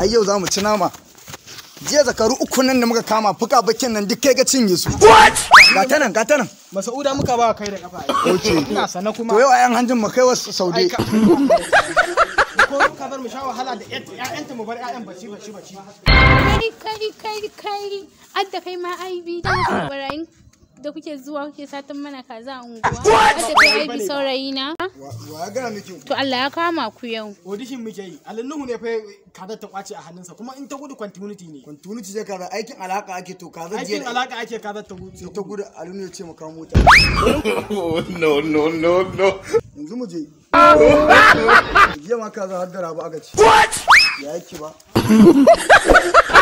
ai yau za mu ci nama jiya zakaru uku nan da muka kama fuka bakin nan duk kai ga cinye su ga ta nan ga ta nan masauda muka ba kai da kafa okay ina sana kuma to yau ayan hanjin mu kai wasu saude ko ka bar mu da kai kai kai kai adda kai ma bi dan barayin da kuke zuwa kuke satan mana kaza a unguwa wadda ta yi bi saurayi na wa gana miki to Allah ya kama ku yau audition muke yi alannuhu ne fa kaza ta kwace a hannunsa kuma in ta gudu continuity ne continuity ce kaza aikin alaka ake to kaza je aikin alaka ake kaza ta gudu ta gudu alunnu ya ce mu kawo mota no no no no yanzu mu je jiya ma kaza har da rabu aka ci ya yake ba